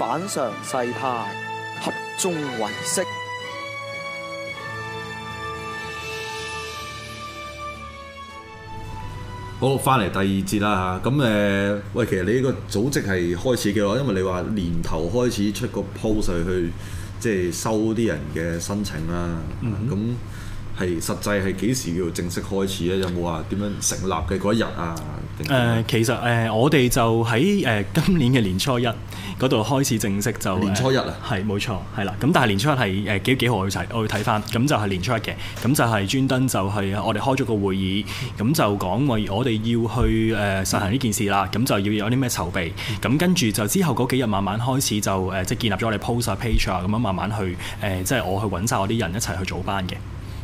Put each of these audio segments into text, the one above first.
反常世態，合眾唯識。好，翻嚟第二節啦嚇。咁誒、呃，喂，其實你呢個組織係開始嘅喎，因為你話年頭開始出個 post 去，即、就、係、是、收啲人嘅申請啦。咁係、嗯、哼實際係幾時叫正式開始咧？有冇話點樣成立嘅嗰一日啊？誒、呃，其實誒、呃，我哋就喺誒、呃、今年嘅年初一嗰度開始正式就是、年初一啊，係冇錯係啦。咁但係年初一係誒、呃、幾幾號我？我去睇，我去睇翻，咁就係年初一嘅。咁就係專登就係我哋開咗個會議，咁就講我我哋要去誒、呃、實行呢件事啦。咁、嗯、就要有啲咩籌備。咁、嗯嗯、跟住就之後嗰幾日慢慢開始就誒、呃，即係建立咗我哋 post 啊 page 啊，咁樣慢慢去誒，即、呃、係、就是、我去揾曬我啲人一齊去組班嘅。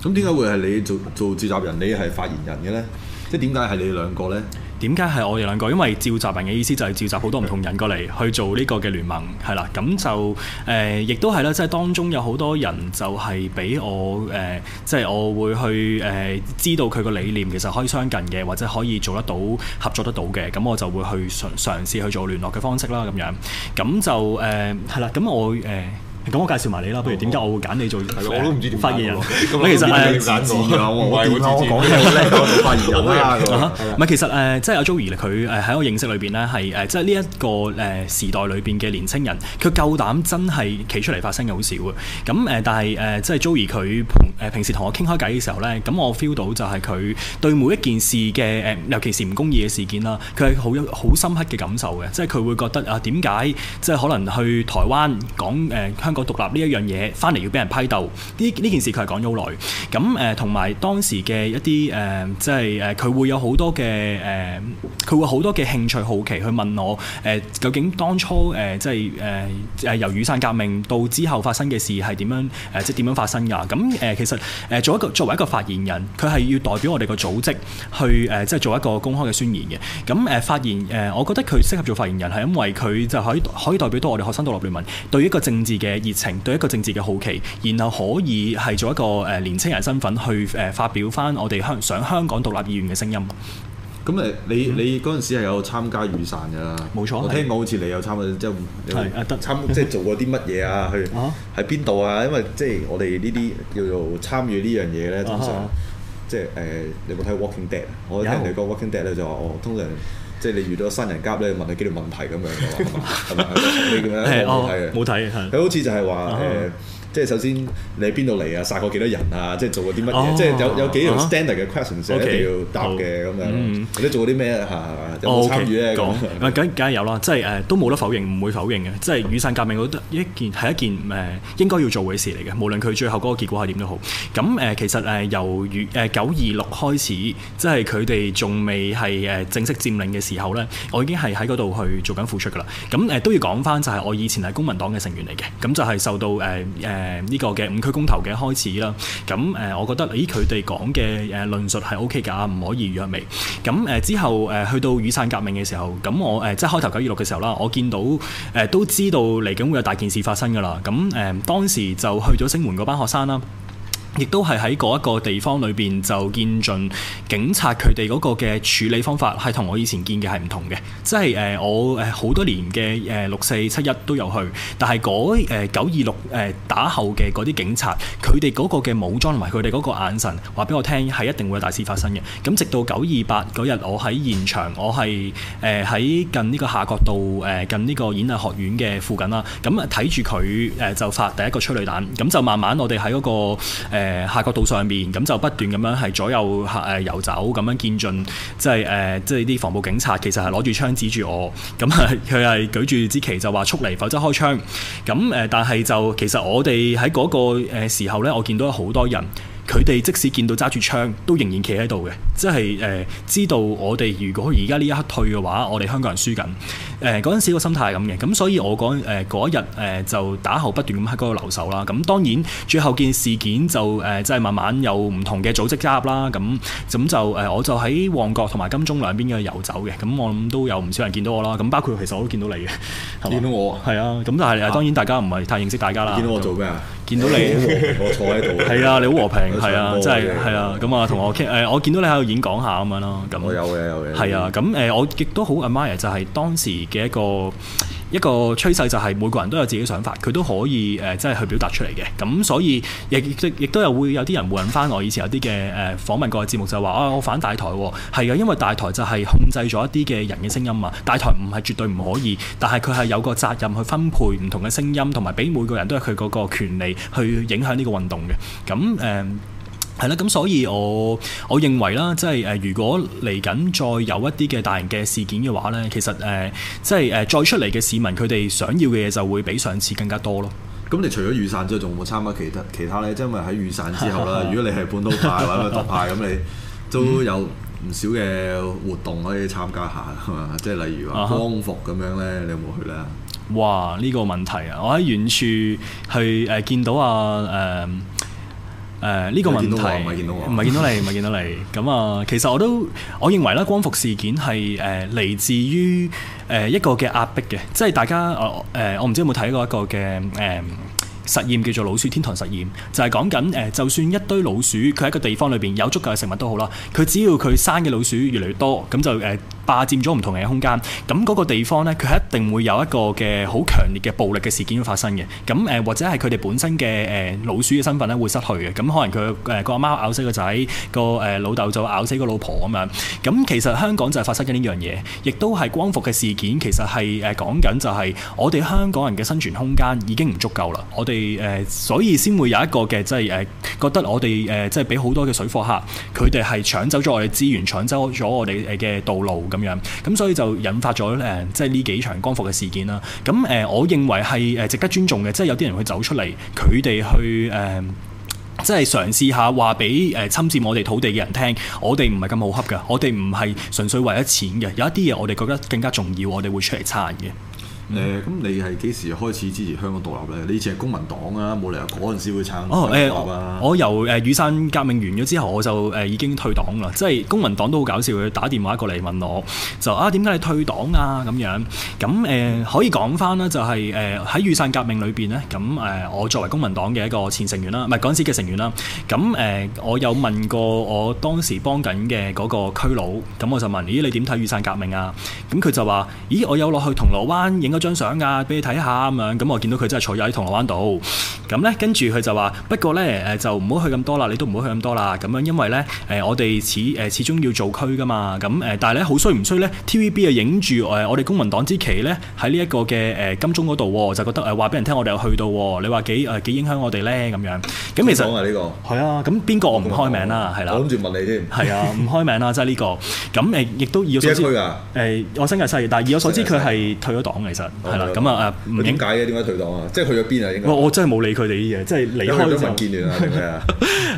咁點解會係你做做召集人？你係發言人嘅咧？即係點解係你哋兩個咧？點解係我哋兩個？因為召集人嘅意思就係召集好多唔同人過嚟去做呢個嘅聯盟，係啦，咁就誒、呃，亦都係啦，即係當中有好多人就係俾我誒、呃，即係我會去誒、呃，知道佢個理念其實可以相近嘅，或者可以做得到合作得到嘅，咁我就會去嘗嘗試去做聯絡嘅方式啦，咁樣，咁就誒係啦，咁、呃、我誒。呃咁我介紹埋你啦，不如點解我會揀你做發言人？咁其實係啊，我講嘢咧，發言人啊，唔係其實誒，即係阿 Joey 佢誒喺我認識裏邊咧，係誒即係呢一個誒時代裏邊嘅年青人，佢夠膽真係企出嚟發聲嘅好少咁誒，但係誒即係 Joey 佢誒平時同我傾開偈嘅時候咧，咁我 feel 到就係佢對每一件事嘅誒，尤其是唔公義嘅事件啦，佢係好有好深刻嘅感受嘅，即係佢會覺得啊，點解即係可能去台灣講誒、呃、香個獨立呢一樣嘢，翻嚟要俾人批鬥，呢呢件事佢係講咗好耐。咁誒，同埋當時嘅一啲誒，即係誒，佢、就是呃、會有好多嘅誒，佢、呃、會好多嘅興趣好奇去問我誒、呃，究竟當初誒、呃，即係誒誒，由雨傘革命到之後發生嘅事係點樣誒、呃，即係點樣發生㗎？咁、嗯、誒、呃，其實誒、呃，作為一個作為一個發言人，佢係要代表我哋個組織去誒、呃，即係做一個公開嘅宣言嘅。咁、嗯、誒、呃，發言誒、呃，我覺得佢適合做發言人，係因為佢就可以可以代表到我哋學生獨立聯盟對於一個政治嘅。熱情對一個政治嘅好奇，然後可以係做一個誒年青人身份去誒發表返我哋香上香港獨立議員嘅聲音。咁誒，嗯、你你嗰陣時係有參加雨傘㗎啦，冇錯。我聽講好似你有參加，即係係啊，即係、就是、做過啲乜嘢啊？啊去喺邊度啊？因為即係、就是、我哋呢啲叫做參與呢樣嘢咧，通常即係誒，啊啊就是呃、你有冇睇《Walking Dead》？我聽你講《Walking Dead》咧，就話我通常，常。即係你遇到新人夾咧，問佢幾多問題咁樣嘅話，係咪？咪？ 呢個咧冇睇嘅，冇睇嘅，佢好似就係話誒。 即係首先你喺邊度嚟啊？殺過幾多人啊？即係做過啲乜嘢？即係有有幾樣 standard 嘅 question 係一定要答嘅咁樣。你者做過啲咩啊？嚇有冇參與咧講？唔梗梗係有啦。即係誒都冇得否認，唔會否認嘅。即係雨傘革命，我覺得一件係一件誒應該要做嘅事嚟嘅。無論佢最後嗰個結果係點都好。咁誒其實誒由月九二六開始，即係佢哋仲未係誒正式佔領嘅時候咧，我已經係喺嗰度去做緊付出㗎啦。咁誒都要講翻就係我以前係公民黨嘅成員嚟嘅。咁就係受到誒誒。呃呃呃呃誒呢個嘅五區公投嘅開始啦，咁誒，我覺得咦佢哋講嘅誒論述係 OK 㗎，唔可以預嚇尾。咁誒之後誒去到雨傘革命嘅時候，咁我誒即係開頭九月六嘅時候啦，我見到誒都知道嚟緊會有大件事發生㗎啦。咁誒當時就去咗聲援嗰班學生啦。亦都係喺嗰一個地方裏邊就見盡警察，佢哋嗰個嘅處理方法係同我以前見嘅係唔同嘅，即係誒我誒好多年嘅誒、呃、六四七一都有去，但係嗰誒九二六誒、呃、打後嘅嗰啲警察，佢哋嗰個嘅武裝同埋佢哋嗰個眼神，話俾我聽，係一定會有大事發生嘅。咁直到九二八嗰日，我喺現場，我係誒喺近呢個夏慤道誒、呃、近呢個演藝學院嘅附近啦，咁啊睇住佢誒就發第一個催淚彈，咁就慢慢我哋喺嗰個誒。呃誒，下角道上面，咁就不斷咁樣係左右誒遊走，咁樣見盡，即係誒，即係啲防暴警察其、嗯嗯，其實係攞住槍指住我，咁佢係舉住支旗就話速嚟，否則開槍。咁誒，但係就其實我哋喺嗰個誒時候呢，我見到好多人，佢哋即使見到揸住槍，都仍然企喺度嘅，即係誒、呃，知道我哋如果而家呢一刻退嘅話，我哋香港人輸緊。誒，嗰陣時個心態係咁嘅，咁所以我嗰誒一日誒就打後不斷咁喺嗰度留守啦。咁當然最後件事件就誒即係慢慢有唔同嘅組織加入啦。咁咁就誒我就喺旺角同埋金鐘兩邊嘅遊走嘅。咁我諗都有唔少人見到我啦。咁包括其實我都見到你嘅，見到我係啊。咁但係當然大家唔係太認識大家啦。見到我做咩啊？見到你，我坐喺度。係啊，你好和平係啊，即係係啊。咁啊，同我傾我見到你喺度演講下咁樣咯。咁我有嘅有嘅。係啊，咁誒我亦都好阿 m a 就係當時。嘅一個一個趨勢就係每個人都有自己想法，佢都可以誒，即、呃、係去表達出嚟嘅。咁所以亦亦亦都有會有啲人回應翻我以前有啲嘅誒訪問過嘅節目就，就係話啊，我反大台喎、哦。係啊，因為大台就係控制咗一啲嘅人嘅聲音嘛。大台唔係絕對唔可以，但係佢係有個責任去分配唔同嘅聲音，同埋俾每個人都有佢嗰個權利去影響呢個運動嘅。咁誒。呃係啦，咁、嗯、所以我我認為啦，即係誒，如果嚟緊再有一啲嘅大型嘅事件嘅話咧，其實誒、呃，即係誒、呃，再出嚟嘅市民佢哋想要嘅嘢就會比上次更加多咯。咁你除咗雨傘之外，仲有冇參加其他其他咧？即係喺雨傘之後啦， 如果你係本土派 或者獨派咁，你都有唔少嘅活動可以參加下，係嘛？即係例如話光復咁樣咧，你有冇去咧？哇！呢、這個問題啊，我喺遠處去誒見到啊誒。嗯誒呢、呃這個問題唔係見到我，唔係見，見到你，唔係見到你。咁 啊，其實我都，我認為咧，光復事件係誒嚟自於誒一個嘅壓迫嘅，即係大家誒，我唔、呃、知有冇睇過一個嘅誒。呃實驗叫做老鼠天堂實驗，就係講緊誒，就算一堆老鼠，佢喺一個地方裏邊有足夠嘅食物都好啦，佢只要佢生嘅老鼠越嚟越多，咁就誒、呃、霸佔咗唔同嘅空間，咁嗰個地方呢，佢一定會有一個嘅好強烈嘅暴力嘅事件會發生嘅。咁誒、呃，或者係佢哋本身嘅誒、呃、老鼠嘅身份咧，會失去嘅。咁可能佢誒個阿媽咬死個仔，個誒老豆就咬死個老婆咁樣。咁其實香港就係發生緊呢樣嘢，亦都係光復嘅事件。其實係誒講緊就係我哋香港人嘅生存空間已經唔足夠啦，我哋。誒，所以先會有一個嘅，即係誒，覺得我哋誒，即係俾好多嘅水貨客，佢哋係搶走咗我哋資源，搶走咗我哋嘅道路咁樣，咁所以就引發咗誒，即係呢幾場光復嘅事件啦。咁誒，我認為係誒值得尊重嘅，即係有啲人會走出嚟，佢哋去誒，即係嘗試下話俾誒侵佔我哋土地嘅人聽，我哋唔係咁好恰噶，我哋唔係純粹為咗錢嘅，有一啲嘢，我哋覺得更加重要，我哋會出嚟撐嘅。誒咁、嗯啊、你係幾時開始支持香港獨立咧？你以前係公民黨啊，冇理由嗰陣時會撐獨立。啊哦呃、我由誒雨傘革命完咗之後，我就誒、呃、已經退黨啦。即係公民黨都好搞笑，佢打電話過嚟問我，就啊點解你退黨啊？咁樣咁誒、嗯呃、可以講翻呢，就係誒喺雨傘革命裏邊呢。咁、嗯、誒、呃、我作為公民黨嘅一個前成員啦，唔係嗰陣時嘅成員啦。咁、嗯、誒、呃、我有問過我當時幫緊嘅嗰個區佬，咁、嗯、我就問咦你點睇雨傘革命啊？咁、嗯、佢就話咦我有落去銅鑼灣影張相啊，俾你睇下咁樣，咁我見到佢真係坐住喺銅鑼灣度。咁咧，跟住佢就話：不過咧，誒就唔好去咁多啦，你都唔好去咁多啦。咁樣，因為咧，誒、呃、我哋始誒、呃、始終要做區噶嘛。咁誒，但係咧好衰唔衰咧？TVB 啊，影住誒我哋公民黨之旗咧，喺呢一個嘅誒金鐘嗰度，就覺得誒話俾人聽，我哋有去到。你話幾誒、呃、幾，幾影響我哋咧？咁樣。咁其實呢、呢個係啊，咁邊個我唔開名啦，係啦。我諗住問你添。係啊，唔、 啊、開名啦，即係呢個。咁誒亦都以我所知誒，我身價但係以我所知佢係、呃、退咗黨，其實。係啦，咁啊，哦，唔點解嘅？點解、嗯、那退黨啊？即係去咗邊啊？應該我真係冇理佢哋啲嘢，即、就、係、是、離開咗民建聯啊？係啊、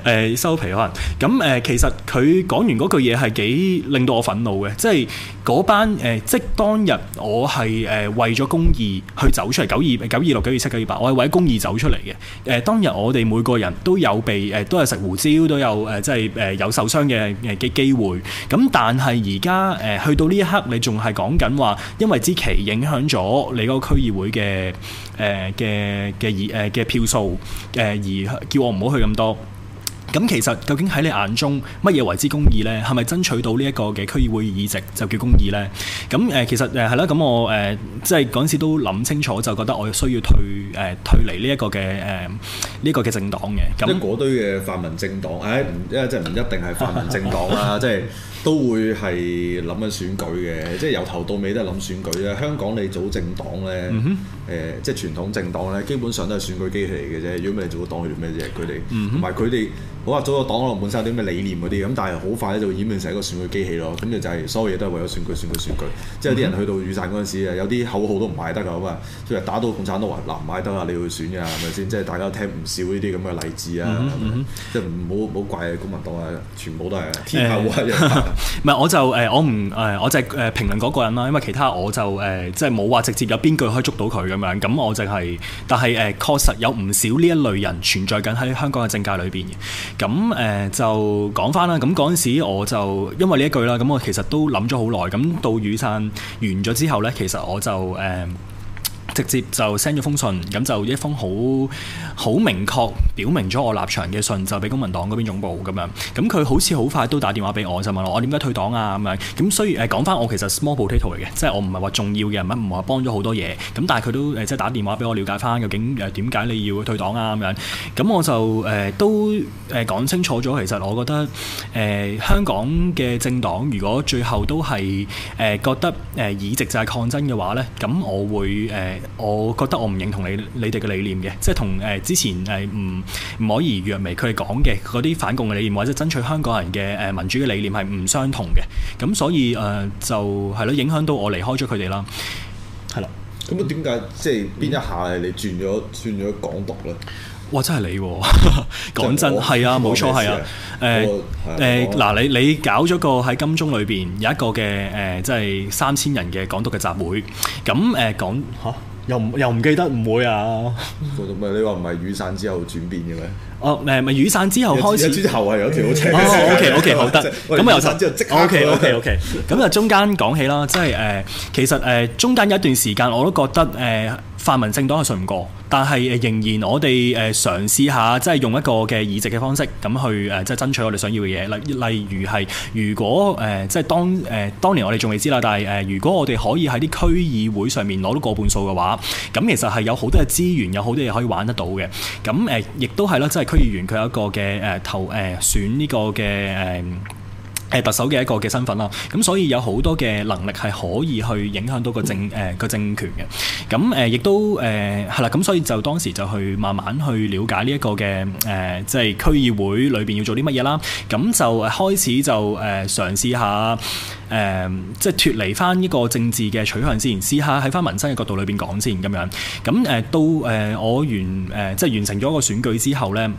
呃，誒收皮可能咁誒、呃，其實佢講完嗰句嘢係幾令到我憤怒嘅，即係嗰班誒、呃，即當日我係誒為咗公義去走出嚟九二九二六九二七九二八，9 26, 9 26, 9 27, 9 28, 我係為咗公義走出嚟嘅。誒、呃，當日我哋每個人都有被誒、呃，都係食胡椒，都有誒，即係誒有受傷嘅嘅、呃、機會。咁但係而家誒去到呢一刻，你仲係講緊話，因為之期影響咗。你嗰個區議會嘅誒嘅嘅議誒嘅票數誒而叫我唔好去咁多，咁其實究竟喺你眼中乜嘢為之公義咧？係咪爭取到呢一個嘅區議會議席就叫公義咧？咁誒其實誒係啦，咁我誒即係嗰陣時都諗清楚，就覺得我需要退誒退離呢一個嘅誒呢個嘅政黨嘅。咁嗰堆嘅泛民政黨，誒、哎、即係唔一定係泛民政黨啦，即係、 啊。啊都會係諗緊選舉嘅，即係由頭到尾都係諗選舉啦。香港你組政黨咧，誒、mm hmm. 呃，即係傳統政黨咧，基本上都係選舉機器嚟嘅啫。如果唔係，你組個黨去做咩啫？佢哋，同埋佢哋，好、hmm. 話組個黨可能本身有啲咩理念嗰啲，咁但係好快咧就演變成一個選舉機器咯。咁就就係所有嘢都係為咗選舉、選舉、選舉。即係啲人去到雨傘嗰陣時啊，有啲口號都唔買得啊嘛，即係、mm hmm. 打到共產黨啊，嗱唔買得啦，你會選呀，係咪先？即係大家聽唔少呢啲咁嘅例子啊，即係唔好好怪公民黨啊，全部都係天下唔係，我就誒、呃，我唔誒、呃，我就誒評論嗰個人啦，因為其他我就誒、呃，即係冇話直接有邊句可以捉到佢咁樣，咁我就係，但係誒，確、呃、實有唔少呢一類人存在緊喺香港嘅政界裏邊嘅，咁誒、呃、就講翻啦，咁嗰陣時我就因為呢一句啦，咁我其實都諗咗好耐，咁到雨傘完咗之後咧，其實我就誒。呃直接就 send 咗封信，咁就一封好好明確表明咗我立場嘅信，就俾公民黨嗰邊總部咁樣。咁佢好似好快都打電話俾我，就問我：我點解退黨啊？咁樣。咁雖然誒講翻，呃、我其實 small potato 嚟嘅，即係我唔係話重要嘅，唔係唔係話幫咗好多嘢。咁但係佢都、呃、即係打電話俾我了解翻究竟誒點解你要退黨啊？咁樣。咁我就誒、呃、都誒講清楚咗。其實我覺得誒、呃、香港嘅政黨如果最後都係誒覺得誒議席就係抗爭嘅話呢，咁我會誒。呃我覺得我唔認同你你哋嘅理念嘅，即係同誒之前誒唔唔可以弱眉佢哋講嘅嗰啲反共嘅理念，或者爭取香港人嘅誒民主嘅理念係唔相同嘅。咁所以誒、呃、就係咯，影響到我離開咗佢哋啦。係啦，咁啊點解即係邊一下係你轉咗轉咗港獨咧？哇！真係你喎，講真係啊，冇錯係啊。誒誒，嗱你你搞咗個喺金鐘裏邊有一個嘅誒，即係三千人嘅港獨嘅集會。咁誒講又唔又唔記得，唔會啊？ 你話唔係雨傘之後轉變嘅咩？哦，誒、呃、咪雨傘之後開始，之後係有條車、 哦。OK OK，, okay 好得。咁又就即刻開始、哦、，OK OK OK。咁啊，中間講起啦，即係誒，其實誒、呃，中間有一段時間我都覺得誒。呃泛民政黨係信唔過，但係誒仍然我哋誒嘗試下，即係用一個嘅議席嘅方式咁去誒，即係爭取我哋想要嘅嘢。例例如係，如果誒、呃、即係當誒、呃、當年我哋仲未知啦，但係誒、呃、如果我哋可以喺啲區議會上面攞到過半數嘅話，咁其實係有好多嘅資源，有好多嘢可以玩得到嘅。咁誒、呃、亦都係啦，即係區議員佢有一個嘅誒、呃、投誒、呃、選呢個嘅誒。呃係特首嘅一個嘅身份啦，咁所以有好多嘅能力係可以去影響到個政誒個、呃、政權嘅，咁誒亦都誒係、呃、啦，咁所以就當時就去慢慢去了解呢一個嘅誒，即、呃、係、就是、區議會裏邊要做啲乜嘢啦，咁就開始就誒、呃、嘗試下誒、呃，即係脱離翻呢個政治嘅取向先，試下喺翻民生嘅角度裏邊講先咁樣，咁誒到誒、呃、我完誒、呃、即係完成咗個選舉之後呢。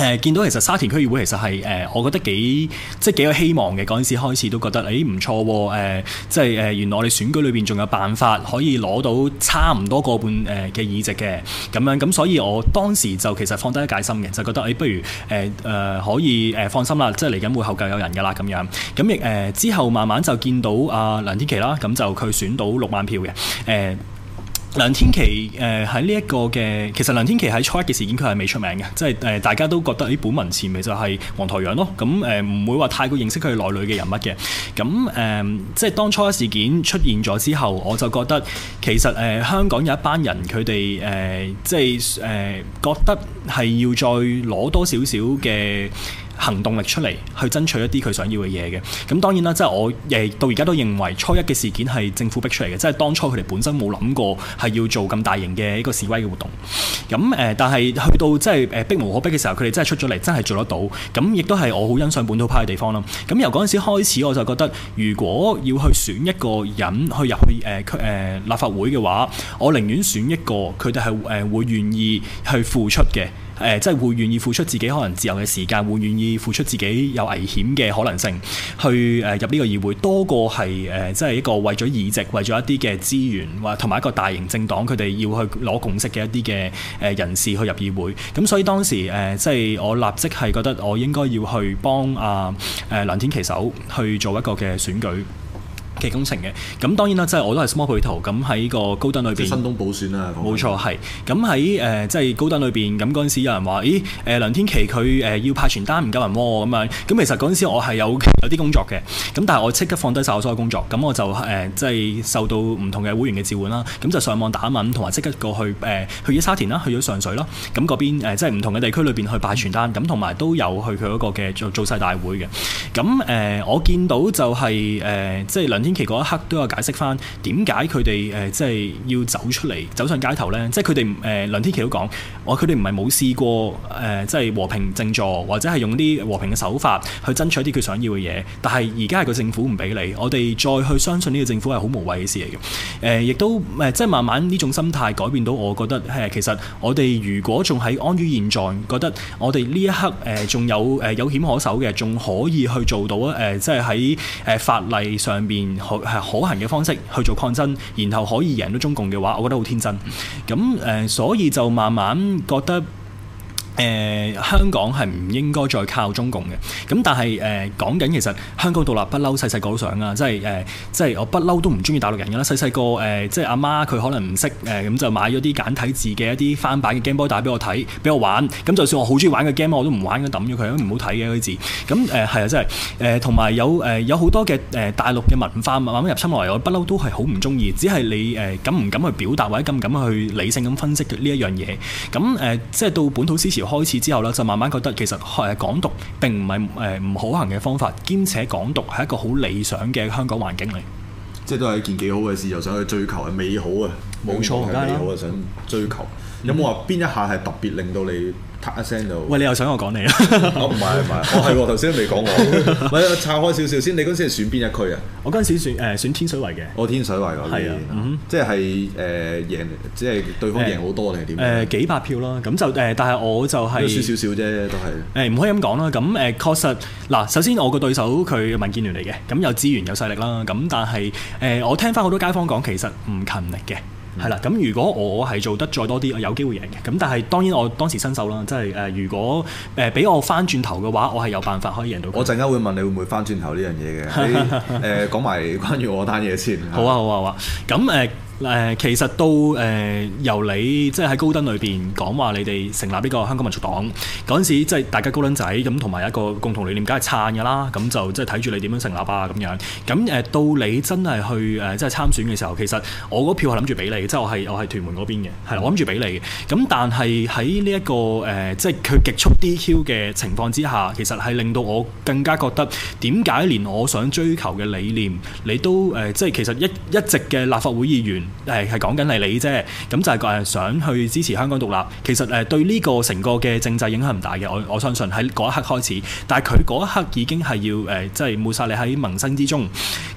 誒、呃、見到其實沙田區議會其實係誒、呃，我覺得幾即係幾有希望嘅。嗰陣時開始都覺得誒唔、欸、錯喎、呃，即係誒、呃、原來我哋選舉裏邊仲有辦法可以攞到差唔多個半誒嘅議席嘅咁樣，咁所以我當時就其實放低一戒心嘅，就覺得誒、欸、不如誒誒、呃呃、可以誒、呃、放心啦，即係嚟緊會後繼有人噶啦咁樣。咁亦誒之後慢慢就見到阿、啊、梁天琦啦，咁就佢選到六萬票嘅誒。呃呃梁天琦誒喺呢一個嘅，其實梁天琦喺初一嘅事件佢係未出名嘅，即係誒、呃、大家都覺得啲本民前面就係黃台仰咯，咁誒唔會話太過認識佢內裏嘅人物嘅，咁、嗯、誒、呃、即係當初一事件出現咗之後，我就覺得其實誒、呃、香港有一班人佢哋誒即係誒、呃、覺得係要再攞多少少嘅。行動力出嚟去爭取一啲佢想要嘅嘢嘅，咁當然啦，即係我亦到而家都認為初一嘅事件係政府逼出嚟嘅，即係當初佢哋本身冇諗過係要做咁大型嘅一個示威嘅活動，咁誒，但係去到即係誒逼無可逼嘅時候，佢哋真係出咗嚟，真係做得到，咁亦都係我好欣賞本土派嘅地方咯。咁由嗰陣時開始，我就覺得如果要去選一個人去入去誒佢、呃呃、立法會嘅話，我寧願選一個佢哋係誒會願意去付出嘅。誒即係會願意付出自己可能自由嘅時間，會願意付出自己有危險嘅可能性去誒入呢個議會，多過係誒即係一個為咗議席、為咗一啲嘅資源或同埋一個大型政黨佢哋要去攞共識嘅一啲嘅誒人士去入議會。咁所以當時誒即係我立即係覺得我應該要去幫啊誒梁、啊、天琦手去做一個嘅選舉。嘅工程嘅，咁當然啦，即係我都係 small 背投，咁喺個高登裏邊。新東補選啦，冇錯係。咁喺誒即係高登裏邊，咁嗰陣時有人話：咦，誒、呃、梁天琦，佢、呃、誒要派傳單唔夠人摸咁樣。咁其實嗰陣時我係有有啲工作嘅，咁但係我即刻放低晒我所有工作，咁我就誒、呃、即係受到唔同嘅會員嘅召喚啦，咁就上網打問，同埋即刻過去誒、呃、去咗沙田啦，去咗上水啦，咁嗰邊、呃、即係唔同嘅地區裏邊去派傳單，咁同埋都有去佢嗰個嘅造勢大會嘅。咁誒、呃、我見到就係、是、誒、呃、即係梁天。天琦嗰一刻都有解釋翻點解佢哋誒即係要走出嚟走上街頭呢？即係佢哋誒梁天琦都講，我佢哋唔係冇試過誒、呃、即係和平靜坐或者係用啲和平嘅手法去爭取一啲佢想要嘅嘢，但係而家係個政府唔俾你，我哋再去相信呢個政府係好無謂嘅事嚟嘅。誒、呃、亦都、呃、即係慢慢呢種心態改變到，我覺得誒、呃、其實我哋如果仲喺安於現狀，覺得我哋呢一刻誒仲、呃、有誒、呃、有險可守嘅，仲可以去做到啊、呃、即係喺誒法例上邊。可行嘅方式去做抗爭，然後可以贏到中共嘅話，我覺得好天真。咁誒、呃，所以就慢慢覺得。誒、呃、香港係唔應該再靠中共嘅，咁但係誒、呃、講緊其實香港獨立不嬲細細個都想啊，即係誒即係我不嬲都唔中意大陸人㗎啦，細細個誒即係阿媽佢可能唔識誒咁就買咗啲簡體字嘅一啲翻版嘅 Game Boy 打俾我睇，俾我玩，咁就算我好中意玩嘅 Game Boy，我都唔玩嘅，抌咗佢都唔好睇嘅嗰啲字，咁誒係啊，即係誒同埋有誒、呃、有好多嘅誒、呃、大陸嘅文化慢慢入侵落嚟，我不嬲都係好唔中意，只係你誒、呃、敢唔敢去表達或者敢唔敢去理性咁分析呢一樣嘢，咁誒、呃、即係到本土思潮。開始之後咧，就慢慢覺得其實係港獨並唔係誒唔可行嘅方法，兼且港獨係一個好理想嘅香港環境嚟，即係都係一件幾好嘅事，又想去追求係美好啊！冇錯，想追求。有冇話邊一下係特別令到你啪一聲到？喂，你又想我講你啊？唔係唔係，我係頭先未講我。咪、哦、 拆開少少先，你嗰陣時，時選邊一區啊？我嗰陣時選誒選天水圍嘅。我天水圍嗰邊，嗯、即係誒、呃、贏，即係對方贏好多定係點？誒、呃、幾百票咯，咁就誒、呃，但係我就係少少啫，都係。誒唔、呃、可以咁講啦。咁誒確實嗱，首先我個對手佢民建聯嚟嘅，咁有資源有勢力啦。咁但係誒、呃，我聽翻好多街坊講，其實唔勤力嘅。係啦，咁如果我我係做得再多啲，我有機會贏嘅。咁但係當然我當時新手啦，即係誒、呃，如果誒俾、呃、我翻轉頭嘅話，我係有辦法可以贏到。我陣間會問你會唔會翻轉頭呢樣嘢嘅。 你誒講埋關於我單嘢先，好啊。好啊好啊好啊。咁誒。呃誒、呃、其實到誒、呃、由你即係喺高登裏邊講話你哋成立呢個香港民族黨嗰陣時，即係大家高登仔咁，同、嗯、埋一個共同理念，梗係撐㗎啦。咁、嗯、就即係睇住你點樣成立啊咁樣。咁、嗯、誒到你真係去誒、呃、即係參選嘅時候，其實我嗰票係諗住俾你，即係我係我係屯門嗰邊嘅，係我諗住俾你。咁但係喺呢一個誒、呃、即係佢極速 DQ 嘅情況之下，其實係令到我更加覺得點解連我想追求嘅理念，你都誒、呃、即係其實一一直嘅立法會議員。係係講緊係你啫，咁就係誒想去支持香港獨立。其實誒對呢個成個嘅政制影響唔大嘅，我我相信喺嗰一刻開始，但係佢嗰一刻已經係要誒，即係抹殺你喺民生之中。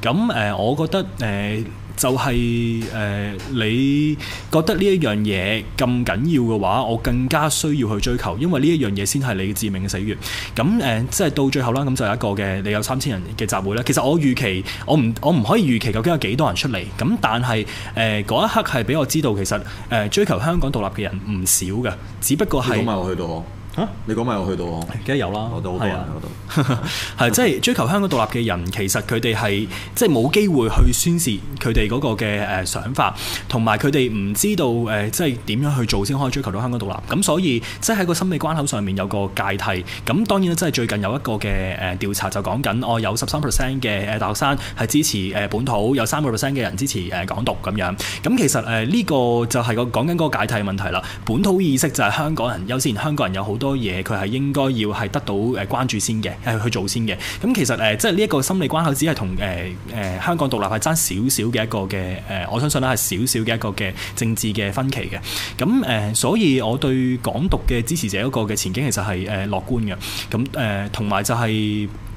咁誒，我覺得誒。呃就係、是、誒、呃，你覺得呢一樣嘢咁緊要嘅話，我更加需要去追求，因為呢一樣嘢先係你嘅致命死穴。咁誒，即、呃、係到最後啦，咁就有一個嘅你有三千人嘅集會喇。其實我預期我唔我唔可以預期究竟有幾多人出嚟。咁但係誒嗰一刻係俾我知道，其實誒、呃、追求香港獨立嘅人唔少嘅，只不過係。你講埋我去到，梗係有啦，我都好多人喺嗰度，係即係追求香港獨立嘅人，其實佢哋係即係冇機會去宣示佢哋嗰個嘅誒想法，同埋佢哋唔知道誒即係點樣去做先可以追求到香港獨立。咁所以即係喺個心理關口上面有個界替。咁當然啦，即係最近有一個嘅誒調查就講緊，我、哦、有十三 percent 嘅誒大學生係支持誒本土，有三個 percent 嘅人支持誒港獨咁樣。咁其實誒呢個就係個講緊嗰個界替問題啦。本土意識就係香港人，優先香港人有好。多嘢佢係應該要係得到誒關注先嘅，係去做先嘅。咁其實誒、呃，即係呢一個心理關口只，只係同誒誒香港獨立係爭少少嘅一個嘅誒、呃，我相信咧係少少嘅一個嘅政治嘅分歧嘅。咁誒、呃，所以我對港獨嘅支持者嗰個嘅前景其實係誒、呃、樂觀嘅。咁誒，同、呃、埋就係、是。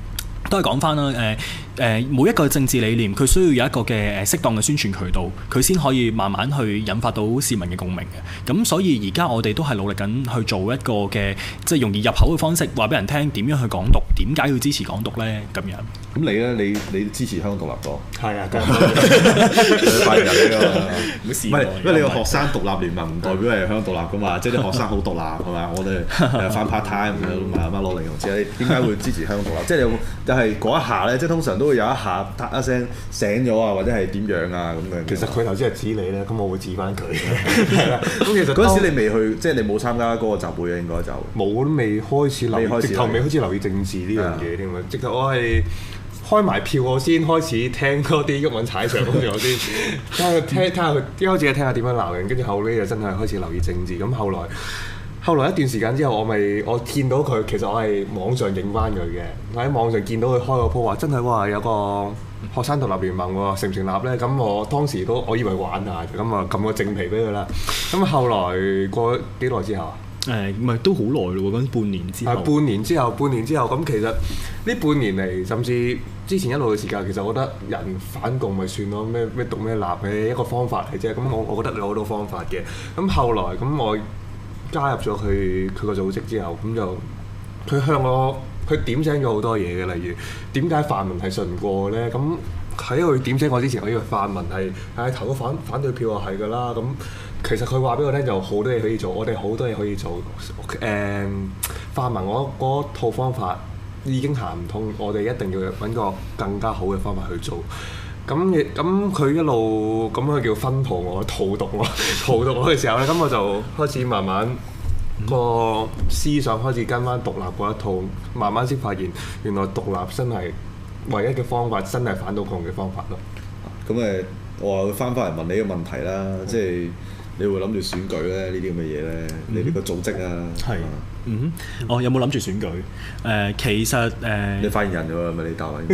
都係講翻啦，誒誒每一個政治理念，佢需要有一個嘅誒適當嘅宣傳渠道，佢先可以慢慢去引發到市民嘅共鳴嘅。咁所以而家我哋都係努力緊去做一個嘅，即係容易入口嘅方式，話俾人聽點樣去港獨，點解要支持港獨呢？咁樣。咁你咧？你你支持香港獨立多？係 啊，個人 白人啊，唔好試愛。因為你個學生獨立聯盟唔代表係香港獨立噶 嘛，即係啲學生好獨立係嘛？我哋返 part time，唔係阿媽攞零用錢，點解會支持香港獨立？即係有係嗰一下咧，即係通常都會有一下嗒一聲醒咗啊，或者係點樣啊咁樣。其實佢頭先係指你咧，咁我會指翻佢。係啦，咁其實嗰陣時你未去，即、就、係、是、你冇參加嗰個集會啊，應該就冇都未開始留意，開始留意直頭未開始留意政治呢、啊、樣嘢添啊！直頭我係開埋票，我先開始聽嗰啲毓民踩場，跟住 我先聽，聽，聽，聽，聽，聽，聽，聽，聽下，佢一開始係聽下點樣鬧人，跟住後尾就真係開始留意政治，咁後來。 後來一段時間之後，我咪我見到佢，其實我係網上影翻佢嘅，我喺網上見到佢開個鋪話，真係話有個學生獨立聯盟喎，成唔成立呢？咁我當時都我以為玩下，咁啊撳個正皮俾佢啦。咁後來過幾耐之後？誒、欸，唔係都好耐咯喎，咁半年之後。係半年之後，半年之後，咁其實呢半年嚟，甚至之前一路嘅時間，其實我覺得人反共咪算咯，咩咩讀咩立嘅一個方法嚟啫。咁我我覺得有好多方法嘅。咁後來咁我。加入咗佢佢個組織之後，咁就佢向我佢點醒咗好多嘢嘅，例如點解泛民係信唔過呢？咁喺佢點醒我之前，我以為泛民係唉投咗反反對票就係噶啦。咁其實佢話俾我聽，就好多嘢可以做，我哋好多嘢可以做。誒，Okay. Um，泛民我嗰套方法已經行唔通，我哋一定要揾個更加好嘅方法去做。咁亦咁佢一路咁樣叫薰陶我、荼毒我、荼毒我嘅時候咧，咁我就開始慢慢 個思想開始跟翻獨立嗰一套，慢慢先發現原來獨立真係唯一嘅方法，真係反到共嘅方法咯。咁誒、嗯，我又翻返嚟問你個問題啦，嗯、即係。你會諗住選舉咧？呢啲咁嘅嘢咧，你呢個組織啊，係是，吧嗯，哦，有冇諗住選舉？誒、呃，其實誒，呃、你發現人咗啊？咪 你答 Okay.、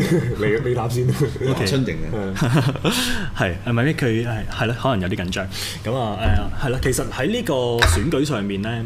嗯。你答先，阿春盈嘅，係，係咪咩？佢係係咯，可能有啲緊張。咁啊，誒係啦。其實喺呢個選舉上面咧，誒、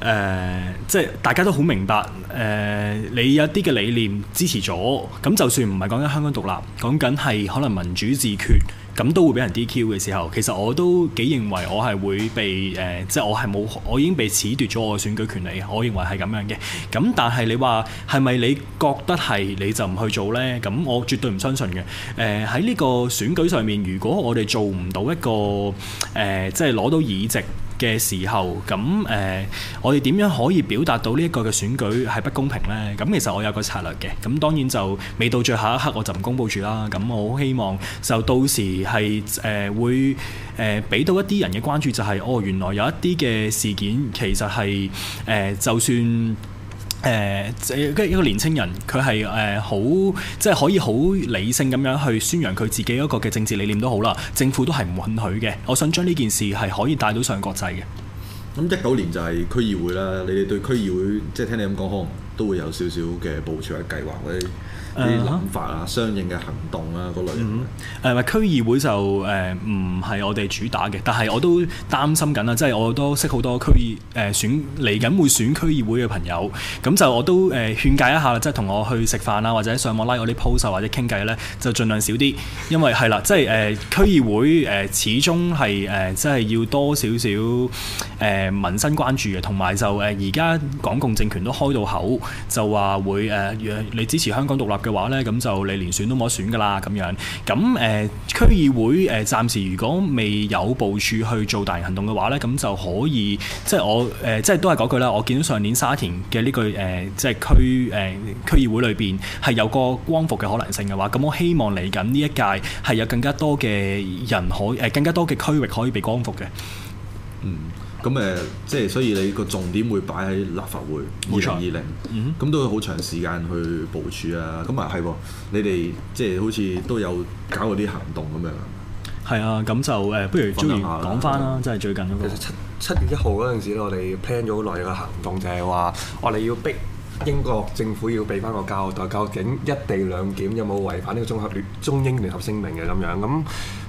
呃，即係大家都好明白，誒、呃，你有一啲嘅理念支持咗，咁就算唔係講緊香港獨立，講緊係可能民主自決。咁都會俾人 DQ 嘅時候，其實我都幾認為我係會被誒、呃，即係我係冇，我已經被褫奪咗我嘅選舉權利。我認為係咁樣嘅。咁但係你話係咪你覺得係你就唔去做呢？咁我絕對唔相信嘅。誒喺呢個選舉上面，如果我哋做唔到一個誒、呃，即係攞到議席嘅時候，咁誒、呃，我哋點樣可以表達到呢一個嘅選舉係不公平呢？咁其實我有個策略嘅，咁當然就未到最後一刻我就唔公佈住啦。咁我好希望就到時係誒、呃、會誒俾、呃、到一啲人嘅關注、就係，就係哦原來有一啲嘅事件其實係誒、呃、就算。誒即係一個年青人，佢係誒好即係可以好理性咁樣去宣揚佢自己一個嘅政治理念都好啦，政府都係唔允許嘅。我想將呢件事係可以帶到上國際嘅。咁一九年就係區議會啦，你哋對區議會即係、就是、聽你咁講，可能都會有少少嘅部署或計劃嗰啲諗法啊，相應嘅行動啊，嗰類型。誒、嗯，區議會就誒唔係我哋主打嘅，但係我都擔心緊啦。即、就、係、是、我都識好多區議誒、呃、選嚟緊會選區議會嘅朋友，咁就我都誒、呃、勸解一下啦，即係同我去食飯啊，或者上網拉、like、我啲 post 或者傾偈咧，就儘量少啲。因為係啦，即係誒區議會誒、呃、始終係誒即係要多少少誒、呃、民生關注嘅，同埋就誒而家港共政權都開到口，就話會誒、呃、你支持香港獨立。嘅話呢，咁就你連選都冇得選噶啦，咁樣咁誒、呃、區議會誒、呃、暫時如果未有部署去做大型行動嘅話呢，咁就可以即係我誒、呃、即係都係嗰句啦。我見到上年沙田嘅呢句誒，即係區誒、呃、區議會裏邊係有個光復嘅可能性嘅話，咁我希望嚟緊呢一屆係有更加多嘅人可誒、呃，更加多嘅區域可以被光復嘅。嗯。咁誒，即係所以你個重點會擺喺立法會二零二零，咁、嗯、哼 都會好長時間去部署啊。咁啊係喎，你哋即係好似都有搞嗰啲行動咁樣。係啊，咁就誒，不如朱言講翻啦，即係最近看看。其實七七月一號嗰陣時我哋 plan 咗好耐嘅行動，就係、是、話我哋要逼。英國政府要俾翻個交代，究竟一地兩檢有冇違反呢個中英聯中英聯合聲明嘅咁樣？咁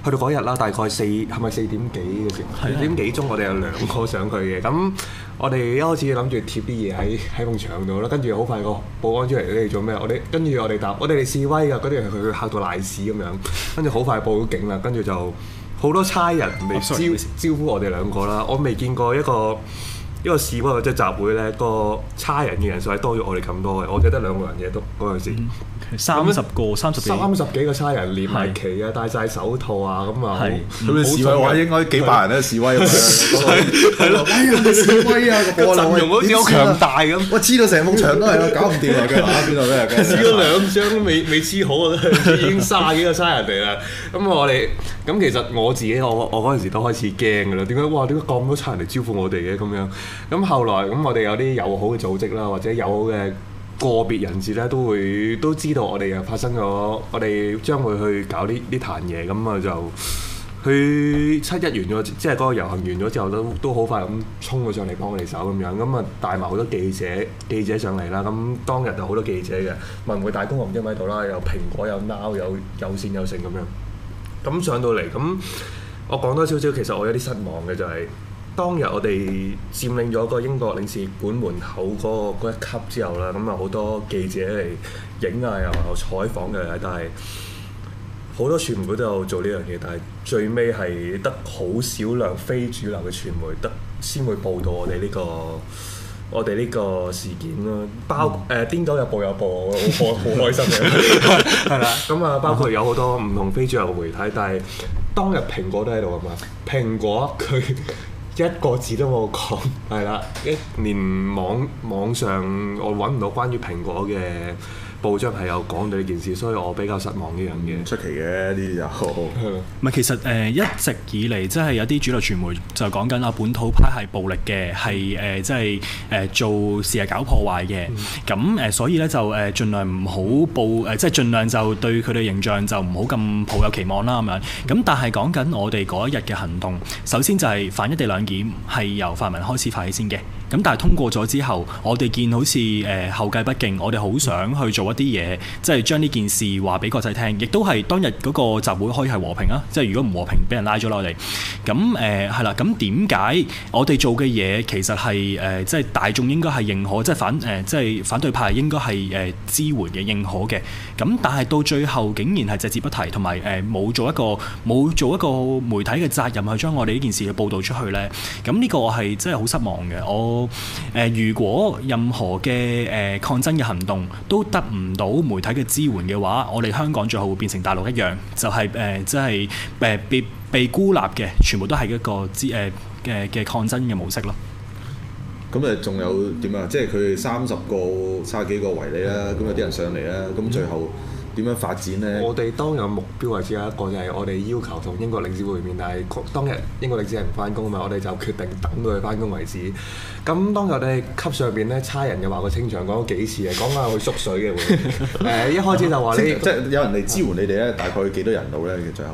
去到嗰日啦，大概四係咪四點幾嘅時？是的 四點幾鐘，我哋有兩個上去嘅。咁我哋一開始諗住貼啲嘢喺喺埲牆度啦，跟住好快個保安出嚟，你做咩？我哋跟住我哋答，我哋嚟示威㗎。嗰啲人佢嚇到瀨屎咁樣，跟住好快報咗警啦。跟住就好多差人未招呼我哋兩個啦。我未見過一個。一個示威嘅即集會咧，個差人嘅人數係多咗我哋咁多嘅，我記得兩個人嘅都嗰陣時，三十個三十幾三十幾個差人，連埋旗啊，戴晒手套啊，咁啊，咁示威話應該幾百人咧示威，係咯，示威啊個陣容好似好強大咁，我黐到成幅牆都係啦，搞唔掂啊嘅，邊度人嘅？黐咗兩張都未未黐好啊，已經卅幾個差人哋啦，咁我哋。咁其實我自己，我我嗰陣時都開始驚㗎啦。點解？哇！點解咁多差人嚟招呼我哋嘅咁樣？咁後來咁，我哋有啲友好嘅組織啦，或者友好嘅個別人士咧，都會都知道我哋又發生咗，我哋將會去搞呢啲壇嘢。咁啊就，去七一完咗，即係嗰個遊行完咗之後都都好快咁衝咗上嚟幫我哋手咁樣。咁啊帶埋好多記者記者上嚟啦。咁當日就好多記者嘅文匯大公我唔知喺度啦，又蘋果又 now 又有線又成咁樣。咁上到嚟，咁我講多少少，其實我有啲失望嘅就係當日我哋佔領咗個英國領事館門口嗰個嗰一級之後啦，咁啊好多記者嚟影啊又，採訪嘅，但係好多傳媒都有做呢樣嘢，但係最尾係得好少量非主流嘅傳媒得先會報道我哋呢個。我哋呢個事件咯，包誒，邊度、嗯呃、有報有播，好 開心嘅，係啦。 咁、嗯、啊，包括有好多唔同非主流媒體，但係當日蘋果都喺度啊嘛，蘋果佢一個字都冇講，係啦，連網網上我揾唔到關於蘋果嘅，報章係有講到呢件事，所以我比較失望呢樣嘢。出奇嘅呢啲就唔係其實誒、呃、一直以嚟，即係有啲主流傳媒就講緊啊本土派係暴力嘅，係誒、呃、即係誒、呃、做事係搞破壞嘅。咁誒、嗯、所以咧就誒盡量唔好報誒，即係盡量就對佢哋形象就唔好咁抱有期望啦咁樣。咁但係講緊我哋嗰一日嘅行動，首先就係反一地兩檢係由泛民開始發起先嘅。咁但係通過咗之後，我哋見好似誒、呃、後繼不敬，我哋好想去做一啲嘢，即係將呢件事話俾國際聽，亦都係當日嗰個集會可以係和平啊！即係如果唔和平，俾人拉咗落嚟，咁誒係啦。咁點解我哋做嘅嘢其實係誒、呃、即係大眾應該係認可，即係反誒、呃、即係反對派應該係誒支援嘅認可嘅。咁但係到最後竟然係隻字不提，同埋誒冇做一個冇做一個媒體嘅責任去將我哋呢件事去報道出去咧。咁呢個我係真係好失望嘅，我。如果任何嘅誒、呃、抗爭嘅行動都得唔到媒體嘅支援嘅話，我哋香港最後會變成大陸一樣，就係、係、誒，即係誒被被、被孤立嘅，全部都係一個支誒嘅抗爭嘅模式咯。咁啊，仲有點啊？即係佢三十個、卅幾個圍你啦，咁有啲人上嚟啦，咁最後。嗯點樣發展呢？我哋當日目標係只有一個，就係、是、我哋要求同英國領事會面。但係當日英國領事係唔翻工啊嘛，我哋就決定等到佢翻工為止。咁當日我哋級上邊咧差人又話個清場，講咗幾次啊，講下佢縮水嘅會。誒、 呃、一開始就話你場都即係有人嚟支援你哋咧，大概幾多人到咧？最後。